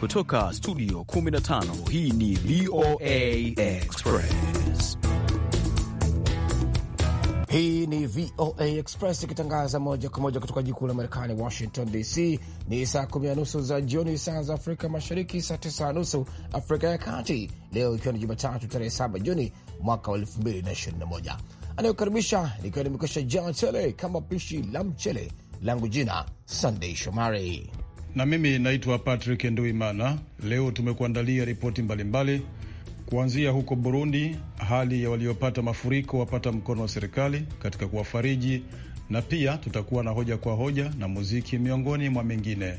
Kutoka studio 15 hii ni VOA Express. Hii ni VOA Express ikitangaza moja kwa moja kutoka jikuu la Marekani, Washington DC. Ni saa kumi na nusu za jioni, saa za Afrika Mashariki, saa tisa na nusu Afrika ya Kati. Leo ikiwa ni Jumatatu tarehe 7 Juni mwaka wa moja anayokaribisha nikiwa nimekosha jaa tele kama pishi la mchele langu, jina Sandei Shomari na mimi naitwa Patrick Nduimana. Leo tumekuandalia ripoti mbalimbali, kuanzia huko Burundi, hali ya waliopata mafuriko wapata mkono wa serikali katika kuwafariji, na pia tutakuwa na hoja kwa hoja na muziki, miongoni mwa mengine.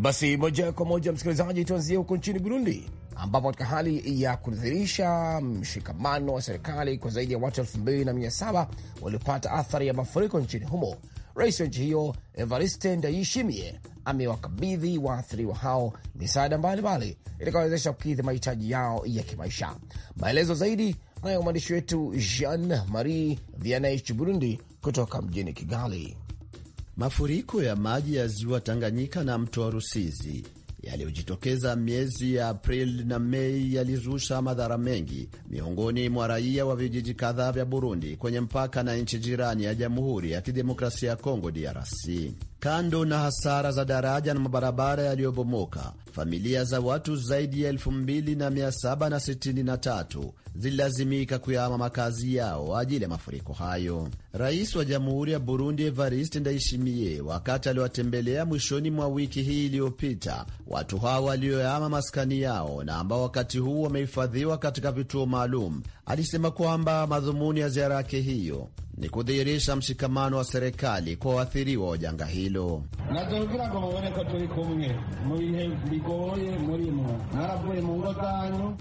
Basi moja kwa moja, msikilizaji, tuanzie huko nchini Burundi ambapo katika hali ya kudhihirisha mshikamano wa serikali kwa zaidi ya watu elfu mbili na mia saba waliopata athari ya mafuriko nchini humo, Rais wa nchi hiyo Evariste Ndayishimiye amewakabidhi waathiriwa hao misaada mbalimbali itakawezesha kukidhi mahitaji yao ya kimaisha. Maelezo zaidi nayo mwandishi wetu Jean Marie Vianney Burundi kutoka mjini Kigali. Mafuriko ya maji ya ziwa Tanganyika na mto wa Rusizi yaliyojitokeza miezi ya Aprili na Mei yalizusha madhara mengi miongoni mwa raia wa vijiji kadhaa vya Burundi kwenye mpaka na nchi jirani ya Jamhuri ya Kidemokrasia ya Kongo, DRC. Kando na hasara za daraja na mabarabara yaliyobomoka, familia za watu zaidi ya e2na 2763 zililazimika kuyahama makazi yao ajili ya mafuriko hayo. Rais wa Jamhuri ya Burundi Evariste Ndayishimiye, wakati aliwatembelea mwishoni mwa wiki hii iliyopita watu hawo walioyahama maskani yao na ambao wakati huu wamehifadhiwa katika vituo maalum, alisema kwamba madhumuni ya ziara yake hiyo ni kudhihirisha mshikamano wa serikali kwa waathiriwa wa janga hilo.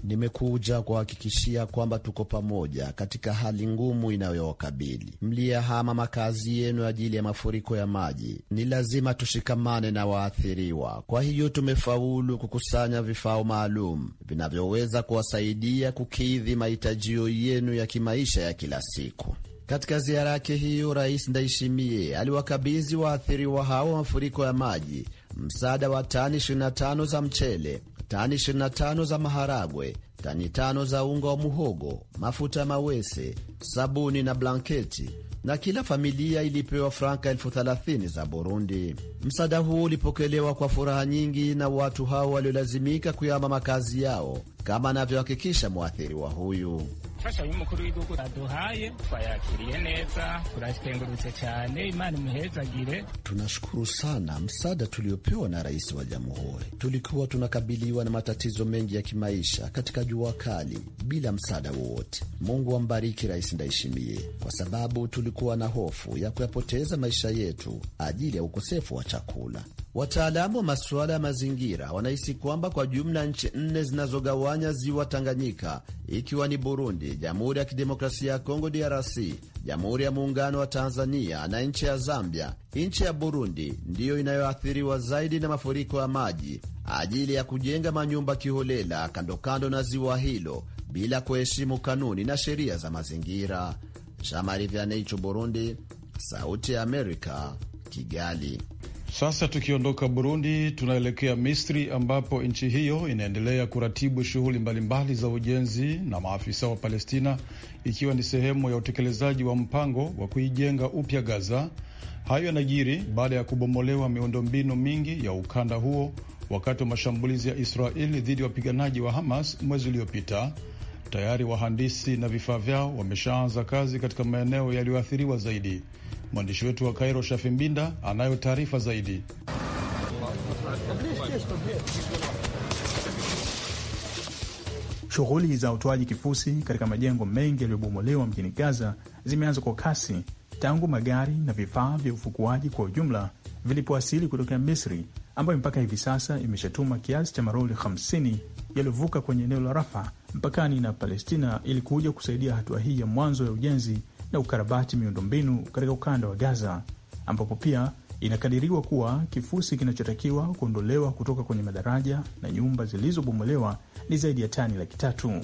Nimekuja kuhakikishia kwamba tuko pamoja katika hali ngumu inayowakabili mliyahama makazi yenu ajili ya mafuriko ya maji. Ni lazima tushikamane na waathiriwa. Kwa hiyo tumefaulu kukusanya vifaa maalum vinavyoweza kuwasaidia kukidhi mahitajio yenu ya kimaisha ya kila siku. Katika ziara yake hiyo, Rais Ndayishimiye aliwakabidhi waathiriwa hao mafuriko ya maji msaada wa tani 25 za mchele tani 25 za maharagwe, tani tano za unga wa muhogo, mafuta ya mawese, sabuni na blanketi na kila familia ilipewa franka elfu thelathini za Burundi. Msaada huu ulipokelewa kwa furaha nyingi na watu hao waliolazimika kuyama makazi yao, kama anavyohakikisha mwathiriwa huyu ubufasha bw'umukuru w'igihugu aduhaye twayakiriye neza, turashengurutse cyane. Imana imuhezagire. Tunashukuru sana msaada tuliopewa na rais wa jamhuri. Tulikuwa tunakabiliwa na matatizo mengi ya kimaisha katika jua kali bila msaada wowote. Mungu ambariki Rais ndaheshimie kwa sababu tulikuwa na hofu ya kuyapoteza maisha yetu ajili ya ukosefu wa chakula. Wataalamu wa masuala ya mazingira wanahisi kwamba kwa jumla nchi nne zinazogawanya ziwa Tanganyika ikiwa ni Burundi, Jamhuri ya Kidemokrasia ya Kongo DRC, Jamhuri ya Muungano wa Tanzania na nchi ya Zambia, nchi ya Burundi ndiyo inayoathiriwa zaidi na mafuriko ya maji, ajili ya kujenga manyumba kiholela kandokando na ziwa hilo bila kuheshimu kanuni na sheria za mazingira. Burundi, Sauti ya Amerika, Kigali. Sasa tukiondoka Burundi, tunaelekea Misri ambapo nchi hiyo inaendelea kuratibu shughuli mbalimbali za ujenzi na maafisa wa Palestina, ikiwa ni sehemu ya utekelezaji wa mpango wa kuijenga upya Gaza. Hayo yanajiri baada ya kubomolewa miundombinu mingi ya ukanda huo wakati wa mashambulizi ya Israeli dhidi ya wapiganaji wa Hamas mwezi uliopita. Tayari wahandisi na vifaa vyao wameshaanza kazi katika maeneo yaliyoathiriwa zaidi. Mwandishi wetu wa Kairo, Shafi Mbinda, anayo taarifa zaidi. Shughuli za utoaji kifusi katika majengo mengi yaliyobomolewa mjini Gaza zimeanza kwa kasi tangu magari na vifaa vya ufukuaji kwa ujumla vilipowasili kutokea Misri, ambayo mpaka hivi sasa imeshatuma kiasi cha maroli 50 yaliyovuka kwenye eneo la Rafa mpakani na Palestina ili kuja kusaidia hatua hii ya mwanzo ya ujenzi na ukarabati miundombinu katika ukanda wa Gaza, ambapo pia inakadiriwa kuwa kifusi kinachotakiwa kuondolewa kutoka kwenye madaraja na nyumba zilizobomolewa ni zaidi ya tani laki tatu,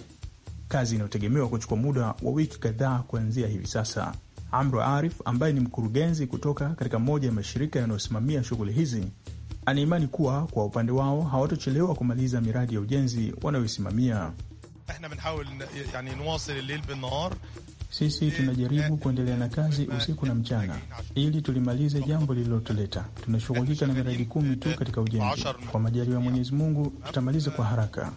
kazi inayotegemewa kuchukua muda wa wiki kadhaa kuanzia hivi sasa. Amro Arif ambaye ni mkurugenzi kutoka katika moja ya mashirika yanayosimamia shughuli hizi anaimani kuwa kwa upande wao hawatochelewa kumaliza miradi ya ujenzi wanayoisimamia. Sisi tunajaribu kuendelea na kazi usiku na mchana ili tulimalize jambo lililotuleta. Tunashughulika na miradi kumi tu katika ujenzi. Kwa majaliwa ya Mwenyezi Mungu tutamaliza kwa haraka.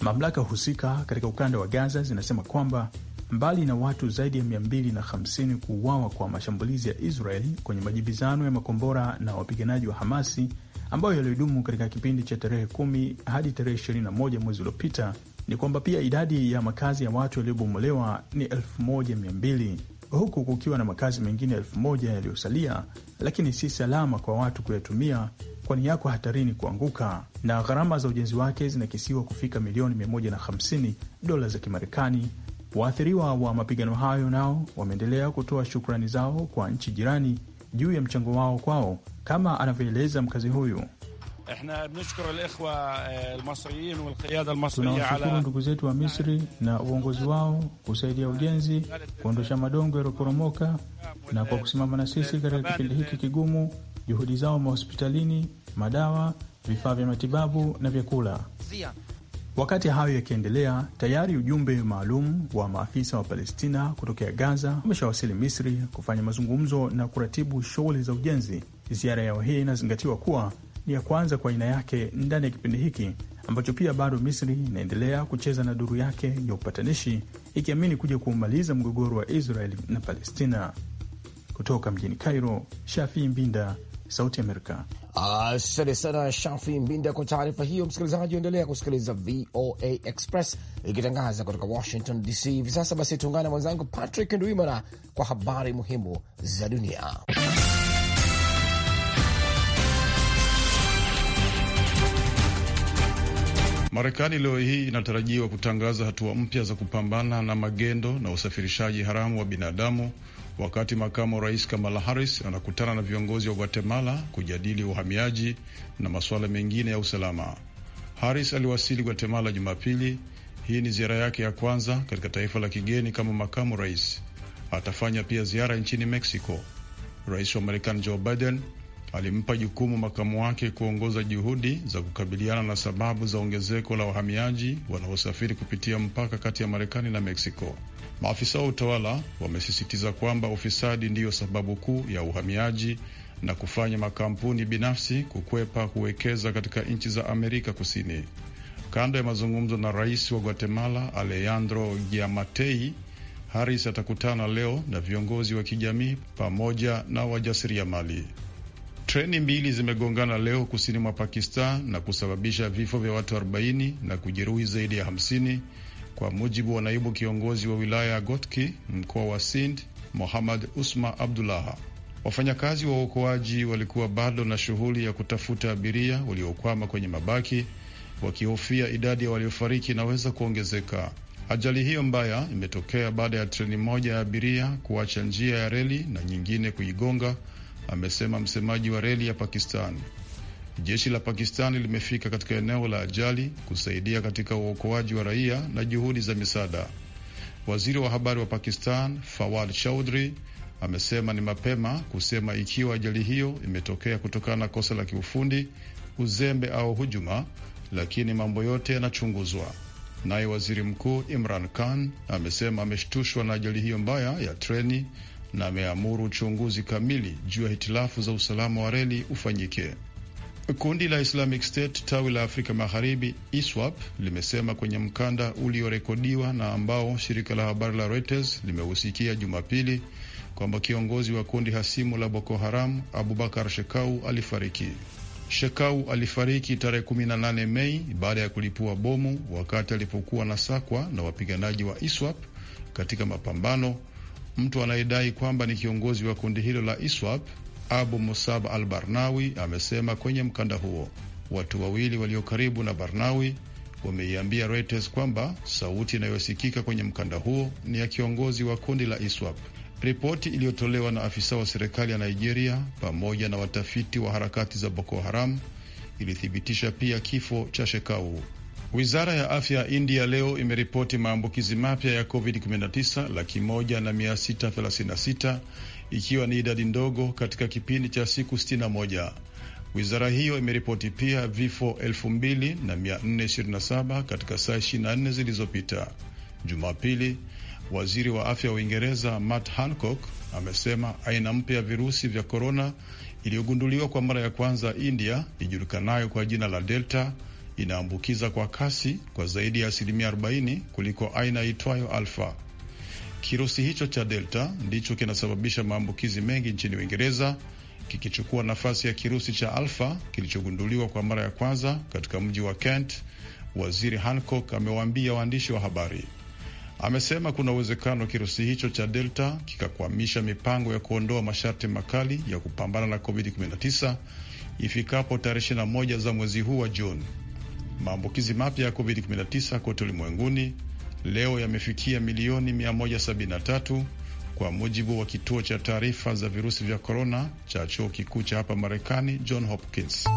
Mamlaka husika katika ukanda wa Gaza zinasema kwamba mbali na watu zaidi ya 250 kuuawa kwa mashambulizi ya Israeli kwenye majibizano ya makombora na wapiganaji wa Hamasi ambayo yaliyodumu katika kipindi cha tarehe kumi hadi tarehe ishirini na moja mwezi uliopita, ni kwamba pia idadi ya makazi ya watu yaliyobomolewa ni elfu moja mia mbili huku kukiwa na makazi mengine elfu moja yaliyosalia, lakini si salama kwa watu kuyatumia kwani yako hatarini kuanguka na gharama za ujenzi wake zinakisiwa kufika milioni 150 dola za Kimarekani. Waathiriwa wa mapigano hayo nao wameendelea kutoa shukrani zao kwa nchi jirani juu ya mchango wao kwao, kama anavyoeleza mkazi huyu. Eh, Tunawashukuru ndugu zetu wa Misri na uongozi wao kusaidia ujenzi, kuondosha madongo yaliyoporomoka na kwa kusimama na sisi katika kipindi hiki kigumu, juhudi zao mahospitalini, madawa, vifaa vya matibabu na vyakula. Wakati hayo yakiendelea, tayari ujumbe maalum wa maafisa wa Palestina kutokea Gaza umeshawasili Misri kufanya mazungumzo na kuratibu shughuli za ujenzi. Ziara yao hii inazingatiwa kuwa ni ya kwanza kwa aina yake ndani ya kipindi hiki ambacho pia bado Misri inaendelea kucheza na duru yake ya upatanishi ikiamini kuja kuumaliza mgogoro wa Israeli na Palestina. Kutoka mjini Cairo, Shafii Mbinda, Sauti Amerika. Asante sana Shafi Mbinda kwa taarifa hiyo. Msikilizaji, endelea kusikiliza VOA Express ikitangaza kutoka Washington DC hivi sasa. Basi tuungane na mwenzangu Patrick Ndwimana kwa habari muhimu za dunia. Marekani leo hii inatarajiwa kutangaza hatua mpya za kupambana na magendo na usafirishaji haramu wa binadamu wakati makamu rais Kamala Harris anakutana na viongozi wa Guatemala kujadili uhamiaji na masuala mengine ya usalama. Harris aliwasili Guatemala Jumapili. Hii ni ziara yake ya kwanza katika taifa la kigeni kama makamu rais. Atafanya pia ziara nchini Mexico. Rais wa Marekani Joe Biden alimpa jukumu makamu wake kuongoza juhudi za kukabiliana na sababu za ongezeko la wahamiaji wanaosafiri kupitia mpaka kati ya Marekani na Meksiko. Maafisa wa utawala wamesisitiza kwamba ufisadi ndiyo sababu kuu ya uhamiaji na kufanya makampuni binafsi kukwepa kuwekeza katika nchi za Amerika Kusini. Kando ya mazungumzo na rais wa Guatemala Alejandro Giamatei, haris atakutana leo na viongozi wa kijamii pamoja na wajasiriamali. Treni mbili zimegongana leo kusini mwa Pakistan na kusababisha vifo vya watu 40 na kujeruhi zaidi ya kwa mujibu wa naibu kiongozi wa wilaya ya Gotki mkoa wa Sind, Mohamad Usma Abdulaha, wafanyakazi wa uokoaji walikuwa bado na shughuli ya kutafuta abiria waliokwama kwenye mabaki, wakihofia idadi ya waliofariki inaweza kuongezeka. Ajali hiyo mbaya imetokea baada ya treni moja ya abiria kuacha njia ya reli na nyingine kuigonga, amesema msemaji wa reli ya Pakistan. Jeshi la Pakistani limefika katika eneo la ajali kusaidia katika uokoaji wa raia na juhudi za misaada. Waziri wa habari wa Pakistan Fawad Chaudhry amesema ni mapema kusema ikiwa ajali hiyo imetokea kutokana na kosa la kiufundi, uzembe au hujuma, lakini mambo yote yanachunguzwa. Naye waziri mkuu Imran Khan amesema ameshtushwa na ajali hiyo mbaya ya treni na ameamuru uchunguzi kamili juu ya hitilafu za usalama wa reli ufanyike. Kundi la Islamic State tawi la Afrika Magharibi ISWAP limesema kwenye mkanda uliorekodiwa na ambao shirika la habari la Reuters limehusikia Jumapili kwamba kiongozi wa kundi hasimu la Boko Haram Abubakar Shekau alifariki. Shekau alifariki tarehe 18 Mei baada ya kulipua bomu wakati alipokuwa na sakwa na wapiganaji wa ISWAP katika mapambano. Mtu anayedai kwamba ni kiongozi wa kundi hilo la ISWAP Abu Musab al Barnawi amesema kwenye mkanda huo. Watu wawili walio karibu na Barnawi wameiambia Reuters kwamba sauti inayosikika kwenye mkanda huo ni ya kiongozi wa kundi la ISWAP. Ripoti iliyotolewa na afisa wa serikali ya Nigeria pamoja na watafiti wa harakati za Boko Haram ilithibitisha pia kifo cha Shekau. Wizara ya afya ya India leo imeripoti maambukizi mapya ya COVID-19 laki moja na mia sita thelathini na sita ikiwa ni idadi ndogo katika kipindi cha siku 61. Wizara hiyo imeripoti pia vifo 2427 katika saa 24 zilizopita. Jumapili, waziri wa afya wa Uingereza Matt Hancock amesema aina mpya ya virusi vya korona iliyogunduliwa kwa mara ya kwanza India ijulikanayo kwa jina la Delta inaambukiza kwa kasi kwa zaidi ya asilimia 40 kuliko aina itwayo Alfa. Kirusi hicho cha Delta ndicho kinasababisha maambukizi mengi nchini Uingereza, kikichukua nafasi ya kirusi cha Alfa kilichogunduliwa kwa mara ya kwanza katika mji wa Kent. Waziri Hancock amewaambia waandishi wa habari. Amesema kuna uwezekano kirusi hicho cha Delta kikakwamisha mipango ya kuondoa masharti makali ya kupambana na COVID-19 ifikapo tarehe 21 za mwezi huu wa Juni. Maambukizi mapya ya COVID-19 kote ulimwenguni leo yamefikia milioni 173 kwa mujibu wa kituo cha taarifa za virusi vya korona cha chuo kikuu cha hapa Marekani, John Hopkins.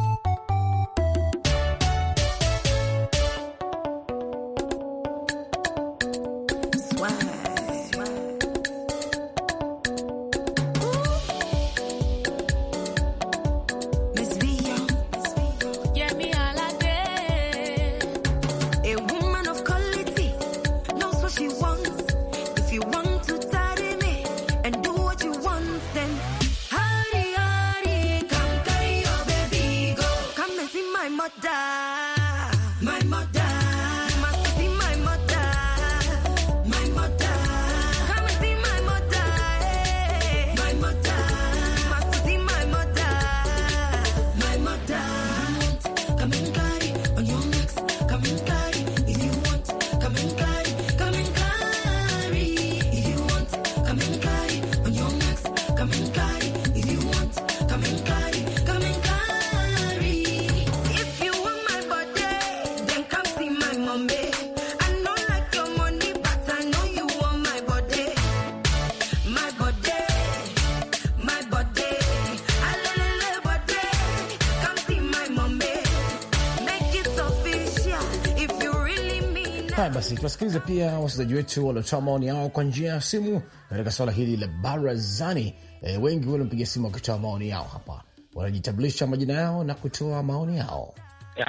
basi tuwasikilize pia wasikilizaji wetu waliotoa maoni yao kwa njia ya simu katika swala hili la barazani. E, wengi walimpiga simu wakitoa maoni yao hapa, wanajitambulisha majina yao na kutoa maoni yao.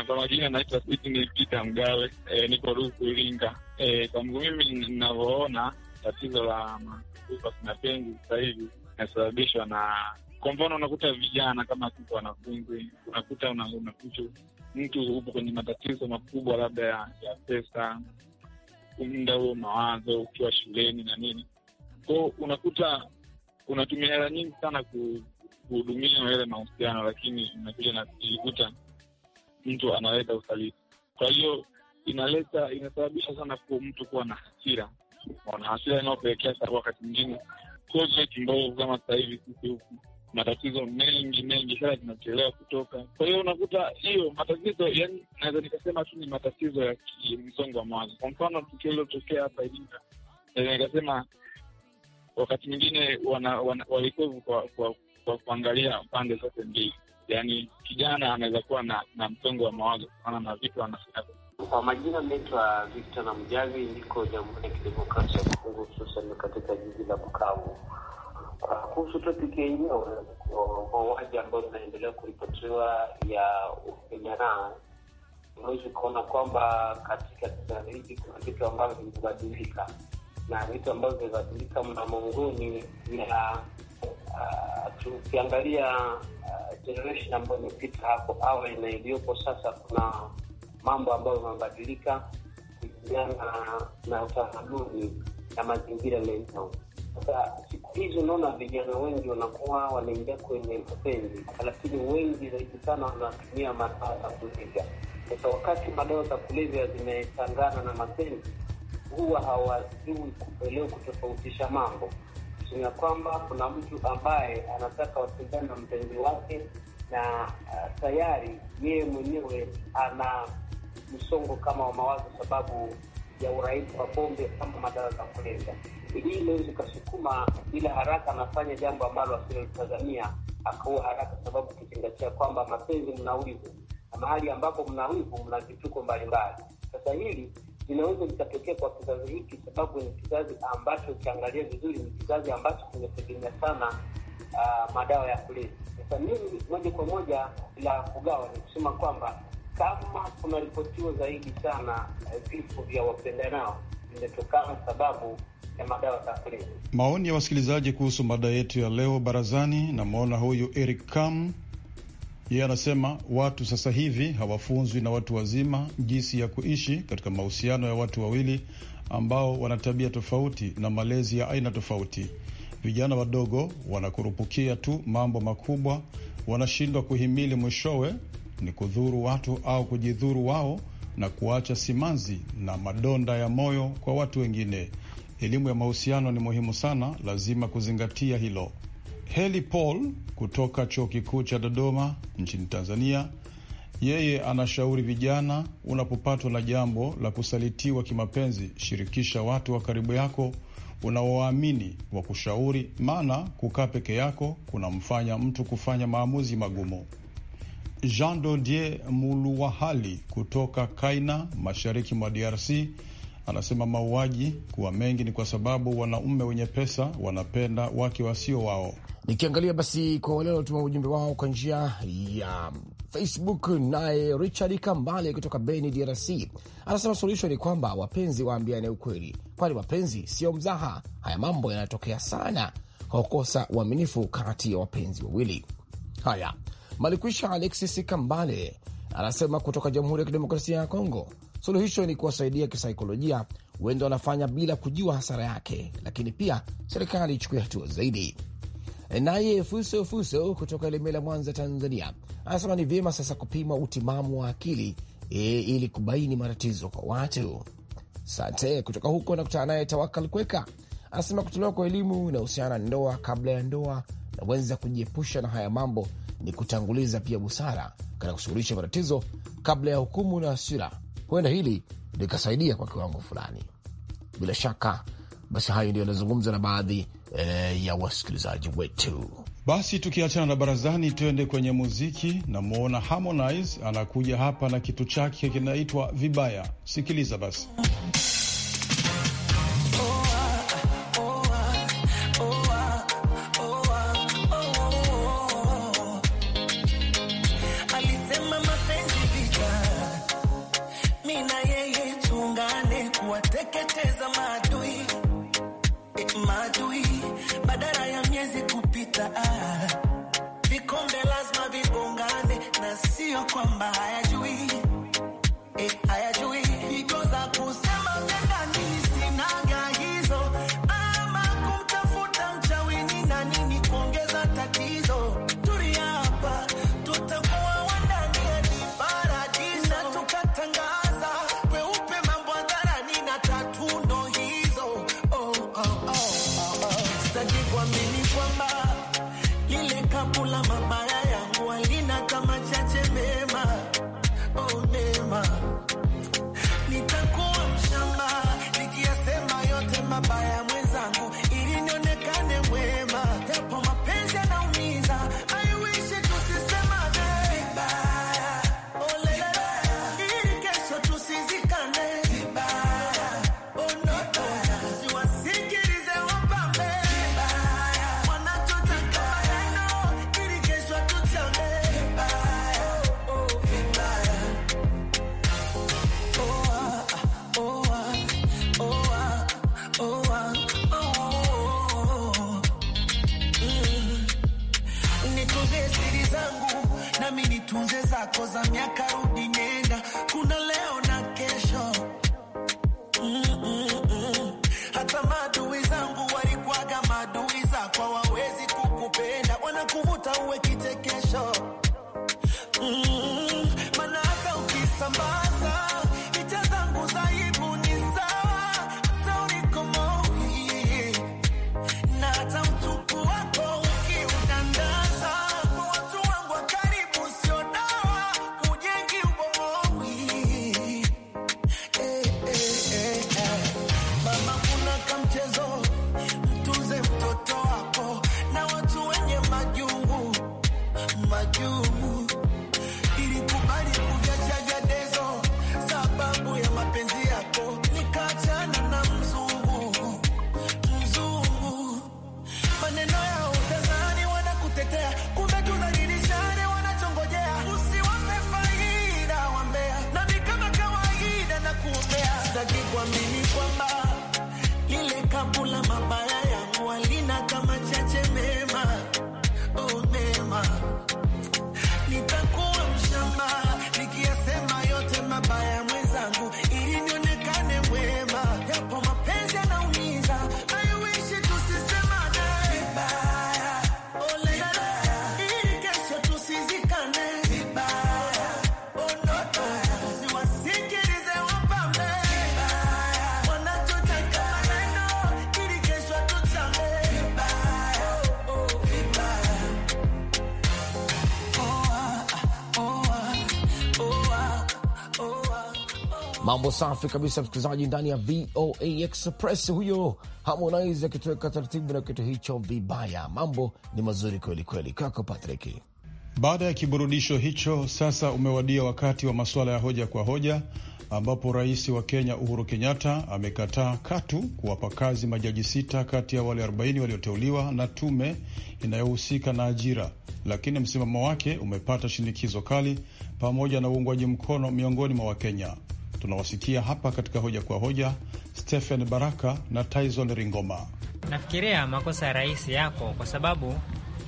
Kwa majina naitwa Sidney Peter Mgale, e, niko Ruku Iringa. E, Kwangu mimi ninavyoona, tatizo la magufa mapenzi sasa hivi inasababishwa na, kwa mfano unakuta vijana kama sisi wanafunzi, unakuta unakuta mtu upo kwenye matatizo makubwa labda ya, ya pesa unajifunza huo mawazo ukiwa shuleni na nini ko unakuta unatumia hela nyingi sana kuhudumia yale mahusiano, lakini unakuja na kujikuta mtu analeta usaliti. Kwa hiyo inaleta inasababisha sana ku mtu kuwa na hasira, na hasira inayopelekea wakati mwingine kama sasa hivi sisi huku matatizo mengi mengi, hela zinachelewa kutoka. Kwa hiyo unakuta hiyo matatizo, yani naweza nikasema tu ni matatizo ya msongo wa mawazo. Kwa mfano tukio lilotokea hapa Iringa, naweza nikasema wakati mwingine walikovu kwa, kwa, kwa kuangalia pande zote mbili, yani kijana anaweza kuwa na, na msongo wa mawazo kutokana na vitu anafanya. Kwa majina naitwa Victor na Mjavi, niko Jamhuri ya Kidemokrasia ya Kongo, hususan katika jiji la Bukavu. Ah, kuhusu topiki yenyewe mauaji ambayo inaendelea kuripotiwa ya vijana, unaweza kuona kwamba katika kizazi hiki kuna vitu ambavyo vimebadilika, na vitu ambavyo vimebadilika mna munguni ya ah, ah, tukiangalia generation ambayo imepita hapo awa na iliyopo sasa, kuna mambo ambayo yamebadilika kulingana na utamaduni na mazingira leo. Sasa siku hizi unaona vijana wengi wanakuwa wanaingia kwenye mapenzi, lakini wengi zaidi sana wanatumia madawa za kulevya. Sasa wakati madawa za kulevya zimetangana na mapenzi, huwa hawajui kuelewa kutofautisha mambo ya kwamba kuna mtu ambaye anataka wapingane na mpenzi wake na uh, tayari yeye mwenyewe ana msongo kama wa mawazo sababu ya uraibu wa pombe ama madawa za kulevya hilo likasukuma ila haraka anafanya jambo ambalo asilolitazamia akaua haraka, sababu ukizingatia kwamba mapenzi mna wivu, na mahali ambapo mna wivu mna vituko mbalimbali. Sasa hili linaweza likatokea kwa kizazi hiki, sababu ni kizazi ambacho ukiangalia vizuri ni kizazi ambacho kimetegemea sana uh, madawa ya kulevya. Sasa mimi moja kwa moja la kugawa ni kusema kwamba kama kuna ripotiwa zaidi sana eh, vifo uh, vya wapendanao vimetokana sababu ya madawa Maoni ya wasikilizaji kuhusu mada yetu ya leo barazani, namwona huyu Eric Kam, yeye anasema watu sasa hivi hawafunzwi na watu wazima jinsi ya kuishi katika mahusiano ya watu wawili ambao wana tabia tofauti na malezi ya aina tofauti. Vijana wadogo wanakurupukia tu mambo makubwa, wanashindwa kuhimili, mwishowe ni kudhuru watu au kujidhuru wao na kuacha simanzi na madonda ya moyo kwa watu wengine. Elimu ya mahusiano ni muhimu sana, lazima kuzingatia hilo. Heli Paul kutoka chuo kikuu cha Dodoma nchini Tanzania, yeye anashauri vijana, unapopatwa na jambo la kusalitiwa kimapenzi, shirikisha watu wa karibu yako unaowaamini wa kushauri, maana kukaa peke yako kunamfanya mtu kufanya maamuzi magumu. Jean Dodier Muluwahali kutoka Kaina, mashariki mwa DRC Anasema mauaji kuwa mengi ni kwa sababu wanaume wenye pesa wanapenda wake wasio wao. Nikiangalia basi kwa wale wanaotuma ujumbe wao kwa njia ya Facebook, naye Richard Kambale kutoka Beni, DRC, anasema suluhisho ni kwamba wapenzi waambiane ukweli, kwani mapenzi sio mzaha. Haya mambo yanatokea sana kwa kukosa uaminifu kati ya wapenzi wawili. Haya, Malikwisha Alexis Kambale anasema kutoka Jamhuri ya Kidemokrasia ya Kongo Suluhisho ni kuwasaidia kisaikolojia, huenda wanafanya bila kujua hasara yake, lakini pia serikali ichukue hatua zaidi. Naye Fuso Fuso kutoka Ilemela, Mwanza, Tanzania, anasema ni vyema sasa kupima utimamu wa akili e, ili kubaini matatizo kwa watu. Sante kutoka huko. Nakutana naye Tawakal Kweka, anasema kutolewa kwa elimu inahusiana na ndoa kabla ya ndoa na weza kujiepusha na haya mambo ni kutanguliza pia busara katika kushughulisha matatizo kabla ya hukumu na hasira huenda hili likasaidia kwa kiwango fulani. Bila shaka basi, hayo ndio yanazungumza na baadhi eh, ya wasikilizaji wetu. Basi tukiachana na barazani, tuende kwenye muziki. Namwona Harmonize anakuja hapa na kitu chake kinaitwa Vibaya. Sikiliza basi Ah. vikombe lazima vigongane, na sio kwamba hayajui Mambo safi kabisa, msikilizaji ndani ya VOA Express. Huyo Harmonize akitoweka taratibu na kitu hicho vibaya. Mambo ni mazuri kweli kweli, kako Patrick. Baada ya kiburudisho hicho, sasa umewadia wakati wa masuala ya hoja kwa hoja, ambapo rais wa Kenya Uhuru Kenyatta amekataa katu kuwapa kazi majaji sita kati ya wale 40 walioteuliwa na tume inayohusika na ajira, lakini msimamo wake umepata shinikizo kali pamoja na uungwaji mkono miongoni mwa Wakenya tunawasikia hapa katika hoja kwa hoja. Stephen Baraka na Tyson Ringoma. Nafikiria makosa ya rais yako kwa sababu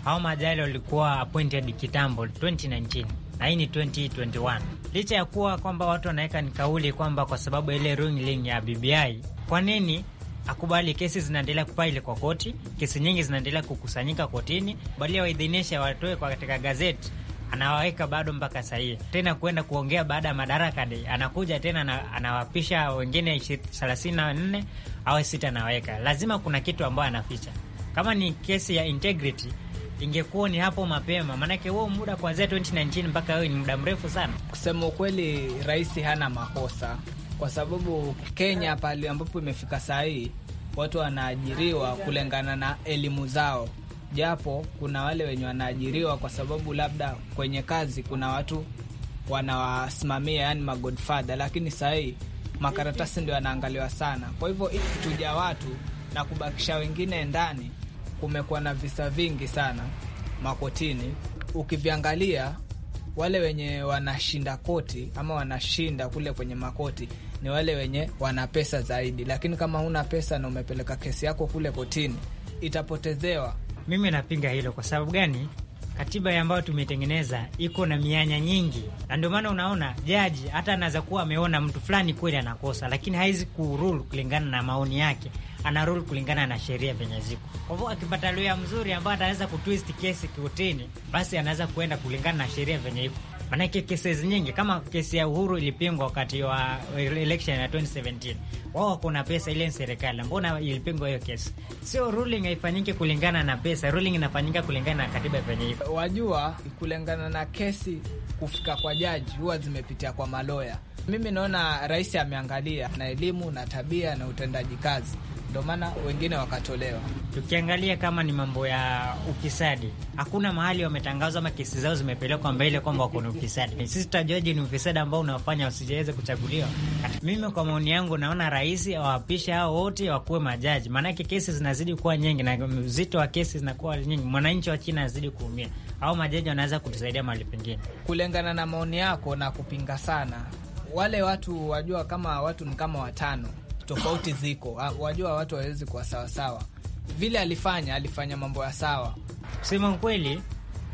hao majali walikuwa appointed kitambo 2019 na hii ni 2021, licha ya kuwa kwamba watu wanaweka ni kauli kwamba kwa sababu ile ruling ya BBI, kwa nini akubali kesi zinaendelea kupaile kwa koti, kesi nyingi zinaendelea kukusanyika kotini, badala ya waidhinisha watoe katika gazeti anawaweka bado mpaka sahii, tena kuenda kuongea baada ya madaraka, anakuja tena anawapisha wengine thelathini na nne au sita, anaweka lazima kuna kitu ambayo anaficha. Kama ni kesi ya integrity ingekuwa ni hapo mapema, maanake huo muda kuanzia 2019 mpaka ni muda mrefu sana. Kusema ukweli, rais hana makosa kwa sababu Kenya pale ambapo imefika saa hii watu wanaajiriwa kulingana na elimu zao japo kuna wale wenye wanaajiriwa kwa sababu labda kwenye kazi kuna watu wanawasimamia, yani magodfather, lakini sahii makaratasi ndio yanaangaliwa sana. Kwa hivyo ili kuchuja watu na kubakisha wengine ndani, kumekuwa na visa vingi sana makotini. Ukiviangalia wale wenye wanashinda koti ama wanashinda kule kwenye makoti ni wale wenye wana pesa zaidi, lakini kama huna pesa na umepeleka kesi yako kule kotini, itapotezewa mimi napinga hilo. Kwa sababu gani? Katiba ambayo tumetengeneza iko na mianya nyingi, na ndio maana unaona jaji hata anaweza kuwa ameona mtu fulani kweli anakosa, lakini hawezi kurule kulingana na maoni yake, ana rule kulingana na sheria venye ziko. Kwa hivyo akipata lawyer mzuri ambayo ataweza kutwist kesi kotini, basi anaweza kuenda kulingana na sheria venye iko. Maanake kesi nyingi kama kesi ya Uhuru ilipingwa wakati wa election ya 2017, wao kuna pesa ile serikali, mbona ilipingwa hiyo kesi? Sio ruling haifanyiki kulingana na pesa, ruling inafanyika kulingana na katiba yenye hiyo. Wajua, kulingana na kesi kufika kwa jaji huwa zimepitia kwa maloya mimi naona rais ameangalia na elimu na tabia na utendaji kazi, ndio maana wengine wakatolewa. Tukiangalia kama ni mambo ya ufisadi, hakuna mahali wametangazwa ama kesi zao zimepelekwa mbele kwamba wakona ufisadi. Sisi tutajuaje ni ufisadi ambao unafanya wasijaweza kuchaguliwa? Mimi kwa maoni yangu, naona rais awapishe hao wote wakuwe majaji, maanake kesi zinazidi kuwa nyingi na uzito wa kesi zinakuwa nyingi, mwananchi wa China anazidi kuumia. Au majaji wanaweza kutusaidia mahali pengine, kulingana na maoni yako na kupinga sana wale watu wajua, kama watu ni kama watano, tofauti ziko, ah, wajua watu wawezi kuwa sawasawa. Vile alifanya alifanya mambo ya sawa. Kusema kweli,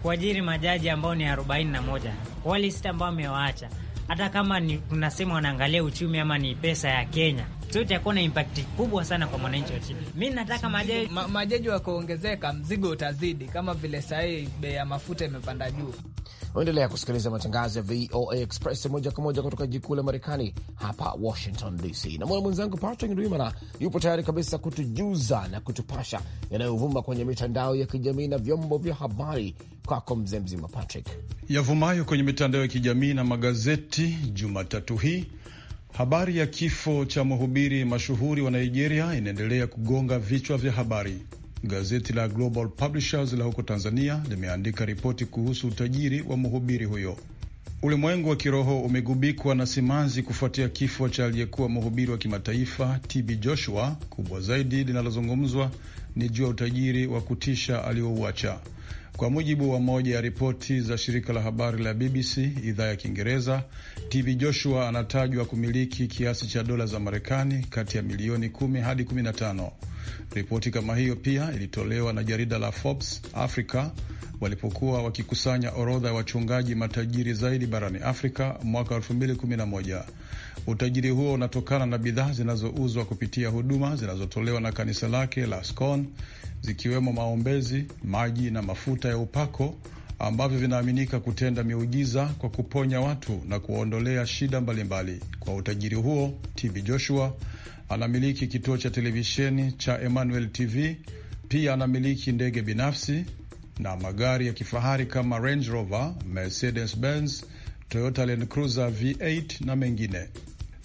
kuajiri majaji ambao ni arobaini na moja wale sita ambao amewaacha, hata kama ni tunasema wanaangalia uchumi ama ni pesa ya Kenya tuta itakuwa na impact kubwa sana kwa mwananchi wa chini. Mi nataka majaji ma, majaji wakuongezeka, mzigo utazidi, kama vile sahii bei ya mafuta imepanda juu. Endelea kusikiliza matangazo ya VOA Express moja kwa moja kutoka jikuu la Marekani hapa Washington DC, na mwana mwenzangu Patrick Ndwimana yupo tayari kabisa kutujuza na kutupasha yanayovuma kwenye mitandao ya kijamii na vyombo vya habari. Kwako mzee mzima Patrick. Yavumayo kwenye mitandao ya kijamii na magazeti Jumatatu hii Habari ya kifo cha mhubiri mashuhuri wa Nigeria inaendelea kugonga vichwa vya habari. Gazeti la Global Publishers la huko Tanzania limeandika ripoti kuhusu utajiri wa mhubiri huyo. Ulimwengu wa kiroho umegubikwa na simanzi kufuatia kifo cha aliyekuwa mhubiri wa kimataifa TB Joshua. Kubwa zaidi linalozungumzwa ni juu ya utajiri wa kutisha aliouacha. Kwa mujibu wa moja ya ripoti za shirika la habari la BBC idhaa ya Kiingereza, TB Joshua anatajwa kumiliki kiasi cha dola za Marekani kati ya milioni 10 hadi 15. Ripoti kama hiyo pia ilitolewa na jarida la Forbes Africa walipokuwa wakikusanya orodha ya wachungaji matajiri zaidi barani Afrika mwaka 2011. Utajiri huo unatokana na bidhaa zinazouzwa kupitia huduma zinazotolewa na kanisa lake la scon zikiwemo maombezi, maji na mafuta ya upako ambavyo vinaaminika kutenda miujiza kwa kuponya watu na kuwaondolea shida mbalimbali mbali. Kwa utajiri huo TB Joshua anamiliki kituo cha televisheni cha Emmanuel TV. Pia anamiliki ndege binafsi na magari ya kifahari kama Range Rover, Mercedes Benz Toyota Land Cruiser V8 na mengine.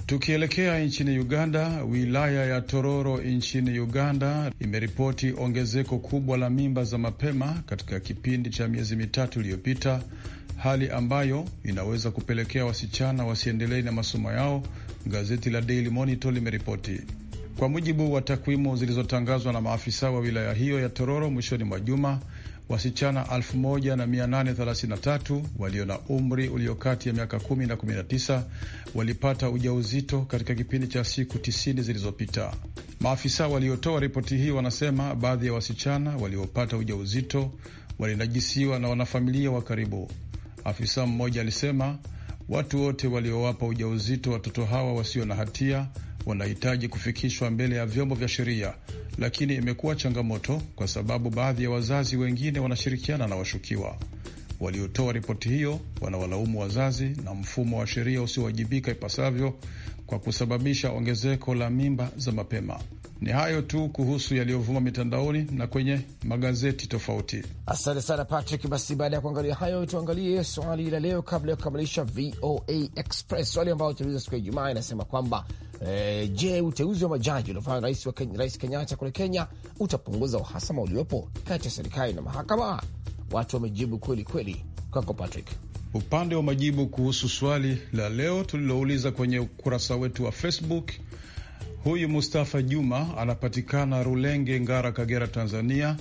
Tukielekea nchini Uganda, wilaya ya Tororo nchini Uganda imeripoti ongezeko kubwa la mimba za mapema katika kipindi cha miezi mitatu iliyopita, hali ambayo inaweza kupelekea wasichana wasiendelei na masomo yao, gazeti la Daily Monitor limeripoti. Kwa mujibu wa takwimu zilizotangazwa na maafisa wa wilaya hiyo ya Tororo mwishoni mwa juma, wasichana 1833 walio na umri ulio kati ya miaka 10 na 19 walipata ujauzito katika kipindi cha siku 90 zilizopita. Maafisa waliotoa ripoti hii wanasema baadhi ya wasichana waliopata ujauzito walinajisiwa na wanafamilia wa karibu. Afisa mmoja alisema watu wote waliowapa ujauzito watoto hawa wasio na hatia wanahitaji kufikishwa mbele ya vyombo vya sheria, lakini imekuwa changamoto kwa sababu baadhi ya wazazi wengine wanashirikiana na washukiwa. Waliotoa ripoti hiyo wanawalaumu wazazi na mfumo wa sheria usiowajibika ipasavyo kwa kusababisha ongezeko la mimba za mapema. Ni hayo tu kuhusu yaliyovuma mitandaoni na kwenye magazeti tofauti. Asante sana Patrick. Basi baada ya kuangalia hayo, tuangalie swali la leo kabla ya kukamilisha VOA Express, swali ambayo tuliuliza siku ya Ijumaa inasema kwamba eh, je, uteuzi wa majaji uliofanya rais, rais Kenyatta kule Kenya utapunguza uhasama uliopo kati ya serikali na mahakama? Watu wamejibu kweli kweli. Kwako Patrick. Upande wa majibu kuhusu swali la leo tulilouliza kwenye ukurasa wetu wa Facebook Huyu Mustafa Juma anapatikana Rulenge, Ngara, Kagera, Tanzania.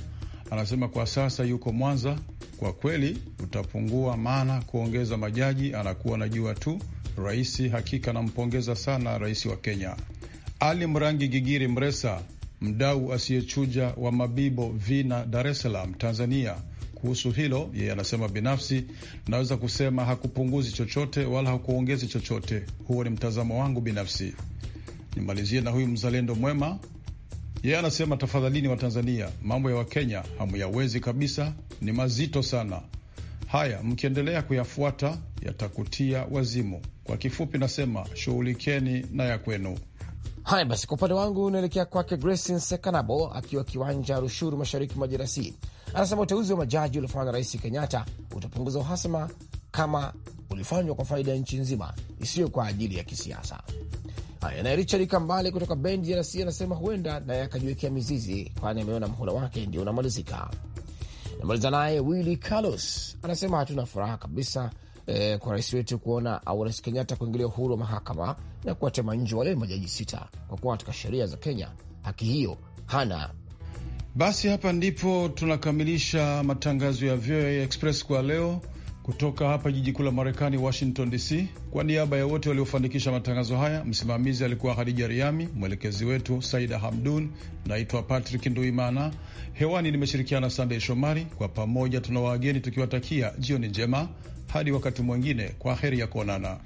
Anasema kwa sasa yuko Mwanza. Kwa kweli utapungua, maana kuongeza majaji anakuwa na jua tu rais. Hakika nampongeza sana rais wa Kenya. Ali Mrangi Gigiri Mresa, mdau asiyechuja wa Mabibo Vina, Dar es Salaam, Tanzania. Kuhusu hilo yeye anasema binafsi, naweza kusema hakupunguzi chochote wala hakuongezi chochote. Huo ni mtazamo wangu binafsi. Nimalizie na huyu mzalendo mwema, yeye anasema tafadhalini, Watanzania, mambo ya Wakenya hamuyawezi kabisa, ni mazito sana. Haya, mkiendelea kuyafuata yatakutia wazimu. Kwa kifupi, nasema shughulikeni na ya kwenu. Haya basi, kwa upande wangu unaelekea kwake Grace Nsekanabo akiwa kiwanja Rushuru, mashariki mwa DRC. Anasema uteuzi wa majaji uliofanywa na Rais Kenyatta utapunguza uhasama kama ulifanywa kwa faida ya nchi nzima, isiyo kwa ajili ya kisiasa. Haya, naye Richard Kambale kutoka bendi Rasia anasema huenda naye akajiwekea mizizi, kwani ameona mhula wake ndio unamalizika. Namaliza naye Willi Carlos anasema hatuna furaha kabisa eh, kwa rais wetu kuona au Rais Kenyatta kuingilia uhuru wa mahakama na kuwatema nje wale majaji sita, kwa kuwa katika sheria za Kenya haki hiyo hana. Basi hapa ndipo tunakamilisha matangazo ya VOA Express kwa leo. Kutoka hapa jiji kuu la Marekani, Washington DC. Kwa niaba ya wote waliofanikisha matangazo haya, msimamizi alikuwa Hadija Riami, mwelekezi wetu Saida Hamdun. Naitwa Patrick Nduimana, hewani nimeshirikiana Sandey Shomari. Kwa pamoja tuna wageni tukiwatakia jioni njema, hadi wakati mwingine, kwa heri ya kuonana.